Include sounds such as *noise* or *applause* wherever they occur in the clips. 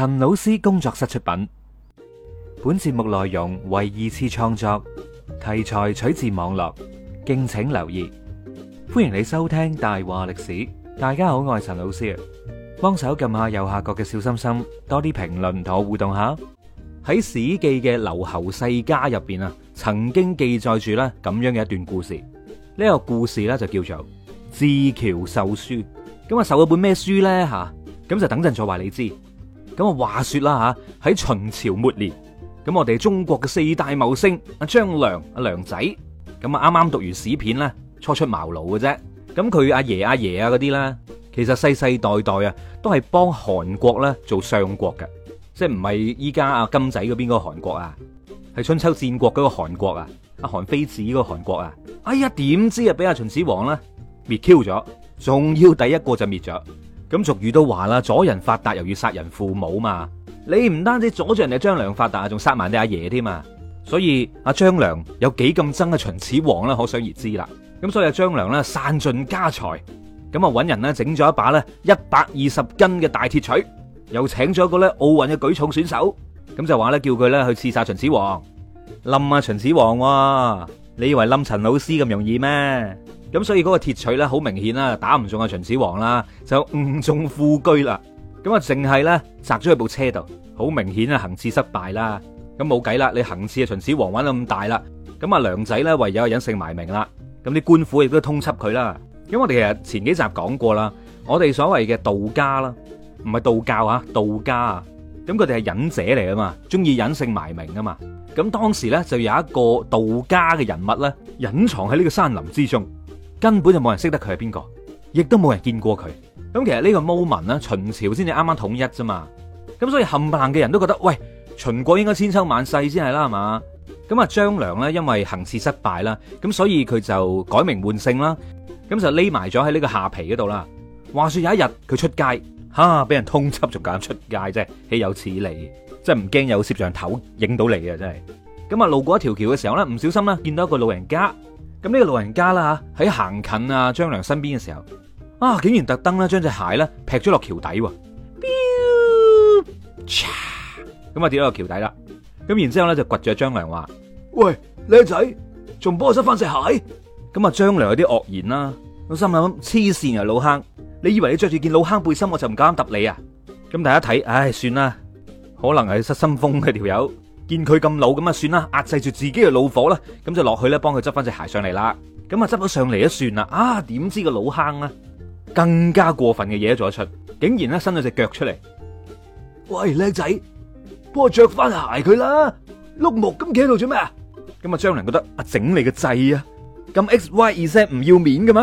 陳老師工作室出品，本節目內容為二次創作，題材取自網絡，敬請留意。歡迎你收聽《大話歷史》，大家好，我係陳老師啊！幫手撳下右下角嘅小心心，多啲評論同我互動下。喺《史記》嘅留侯世家入邊啊，曾經記載住咧咁樣嘅一段故事。呢、這個故事咧就叫做圯橋受書。咁啊，受咗本咩書咧？吓咁就等陣再話你知。咁啊，話說啦吓，喺秦朝末年，咁我哋中國嘅四大謀星阿張良阿良仔，咁啊啱啱讀完史片咧，初出茅廬嘅啫。咁佢阿爺阿爺啊嗰啲咧，其實世世代代啊，都係幫韓國咧做相國嘅，即係唔係依家阿金仔嗰邊個韓國啊，係春秋戰國嗰個韓國啊，阿韓非子個韓國啊，哎呀，點知啊俾阿秦始皇啦滅 Q 咗，仲要第一個就滅咗。咁俗語都話啦，阻人發達猶如殺人父母嘛。你唔單止阻住人哋張良發達，仲殺埋你阿爺添啊。所以阿張良有幾咁憎阿秦始皇咧，可想而知啦。咁所以阿張良咧散盡家財，咁啊搵人咧整咗一把咧一百二十斤嘅大鐵鎚，又請咗個咧奧運嘅舉重選手，咁就話咧叫佢咧去刺殺秦始皇，冧阿秦始皇喎。你以為冧陳老師咁容易咩？咁所以嗰個鐵錘咧，好明顯啦，打唔中阿秦始皇啦，就誤中富居啦。咁啊，淨係咧砸咗喺部車度，好明顯啊，行刺失敗啦。咁冇計啦，你行刺阿秦始皇玩到咁大啦。咁啊，良仔咧，唯有隱姓埋名啦。咁啲官府亦都通緝佢啦。咁我哋其實前幾集講過啦，我哋所謂嘅道家啦，唔係道教啊，道家啊。咁佢哋係隱者嚟，啊嘛，中意隱姓埋名啊嘛。咁當時咧就有一個道家嘅人物咧，隱藏喺呢個山林之中。根本就冇人識得佢係邊個，亦都冇人見過佢。咁其實呢個 moment 咧，秦朝先至啱啱統一啫嘛。咁所以冚唪唥嘅人都覺得，喂，秦國應該千秋萬世先係啦，係嘛？咁啊，張良呢，因為行刺失敗啦，咁所以佢就改名換姓啦，咁就匿埋咗喺呢個下皮嗰度啦。話說有一日佢出街，吓、啊、俾人通緝仲敢出街啫？豈有此理！即係唔驚有攝像頭影到你啊！真係。咁啊，路過一條橋嘅時候咧，唔小心咧見到一個老人家。咁呢個老人家啦吓，喺行近啊張良身邊嘅時候，啊竟然特登咧將隻鞋咧劈咗落橋底喎，咁啊跌咗落橋底啦，咁然之後咧就掘住張良話：喂，靚仔，仲唔幫我執翻隻鞋？咁啊張良有啲愕然啦，老心諗黐線啊老坑，你以為你着住件老坑背心，我就唔敢揼你啊？咁大家睇，唉、哎，算啦，可能係失心瘋嘅條友。見佢咁老咁啊，算啦，壓制住自己嘅怒火啦，咁就落去咧，幫佢執翻隻鞋上嚟啦。咁啊，執咗上嚟都算啦。啊，點知個老坑啊，更加過分嘅嘢做得出，竟然咧伸咗隻腳出嚟。喂，靚仔，幫我着翻鞋佢啦。碌木咁企喺度做咩啊？咁啊，張良覺得啊，整你個掣啊，咁 x y 二 set 唔要面嘅咩？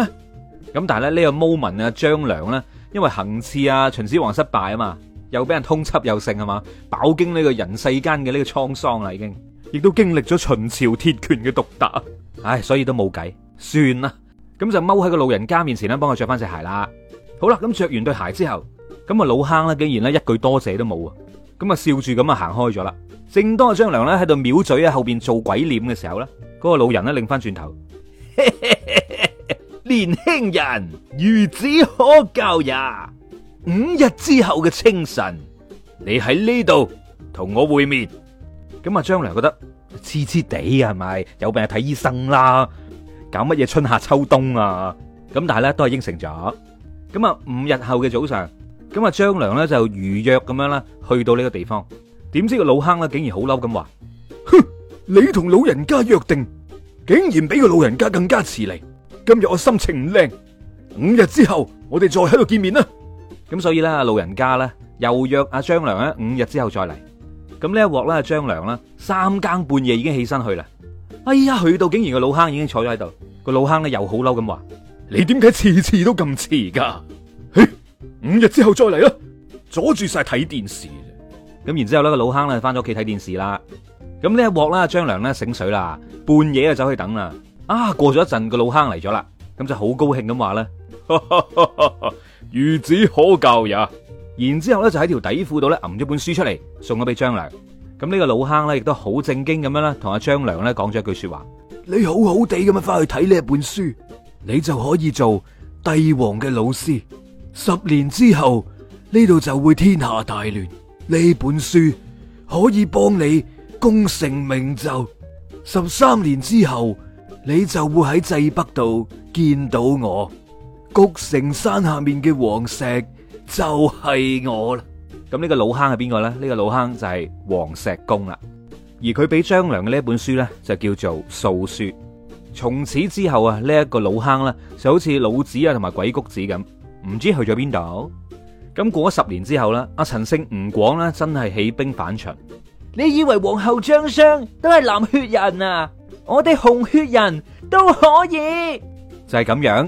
咁但係咧呢個 moment 啊，張良咧因為行刺啊秦始皇失敗啊嘛。又俾人通緝又剩係嘛，飽經呢個人世間嘅呢個滄桑啦，已經亦都經歷咗秦朝鐵拳嘅毒打，唉，所以都冇計，算啦，咁就踎喺個老人家面前咧，幫佢着翻隻鞋啦。好啦，咁着完對鞋之後，咁啊老坑呢，竟然咧一句多謝都冇啊，咁啊笑住咁啊行開咗啦。正當阿張良咧喺度藐嘴喺後邊做鬼臉嘅時候咧，嗰個老人咧擰翻轉頭， *laughs* 年輕人，孺子可教也。五日之後嘅清晨，你喺呢度同我會面。咁啊張良覺得痴痴地啊，係咪有病睇醫生啦？搞乜嘢春夏秋冬啊？咁但係咧都係應承咗。咁啊五日後嘅早上，咁啊張良咧就如約咁樣啦，去到呢個地方。點知個老坑咧竟然好嬲咁話：哼！你同老人家約定，竟然俾個老人家更加遲嚟。今日我心情唔靚，五日之後我哋再喺度見面啦。咁所以咧，老人家咧又約阿張良咧五日之後再嚟。咁呢一鑊咧，張良咧三更半夜已經起身去啦。哎呀，去到竟然個老坑已經坐咗喺度。個老坑咧又好嬲咁話：你點解次次都咁遲噶？哎，五日之後再嚟啦，阻住晒睇電視。咁然之後咧，個老坑咧返咗屋企睇電視啦。咁呢一鑊啦，張良咧醒水啦，半夜就走去等啦。啊，過咗一陣個老坑嚟咗啦，咁就好高興咁話咧。孺 *laughs* 子可教也。然之後咧，就喺條底褲度咧，揞咗本書出嚟，送咗俾張良。咁、這、呢個老坑咧，亦都好正經咁樣啦，同阿張良咧講咗一句說話：你好好地咁樣翻去睇呢一本書，你就可以做帝王嘅老師。十年之後呢度就會天下大亂，呢本書可以幫你功成名就。十三年之後，你就會喺濟北度見到我。谷城山下面嘅黃石就係我啦，咁呢個老坑係邊個咧？呢個老坑就係黃石公啦，而佢俾張良嘅呢一本書咧，就叫做《素書》。從此之後啊，呢一個老坑咧就好似老子啊，同埋鬼谷子咁，唔知去咗邊度。咁過咗十年之後咧，阿陳勝吳廣咧真係起兵反秦。你以為王侯將相都係藍血人啊？我哋紅血人都可以，就係咁樣。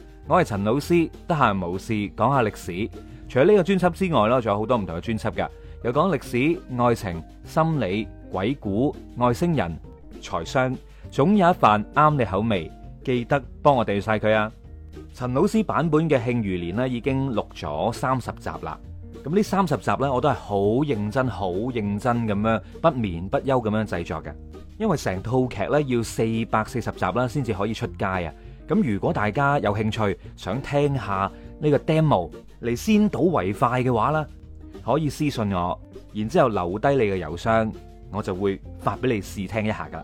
我係陳老師，得閒無事講下歷史。除咗呢個專輯之外呢，仲有好多唔同嘅專輯嘅，有講歷史、愛情、心理、鬼故、外星人、財商，總有一份啱你口味。記得幫我訂閱晒佢啊！陳老師版本嘅《慶餘年》咧已經錄咗三十集啦，咁呢三十集呢，我都係好認真、好認真咁樣不眠不休咁樣製作嘅，因為成套劇呢，要四百四十集啦先至可以出街啊！咁如果大家有興趣想聽下呢個 demo 嚟先睹為快嘅話咧，可以私信我，然之後留低你嘅郵箱，我就會發俾你試聽一下㗎。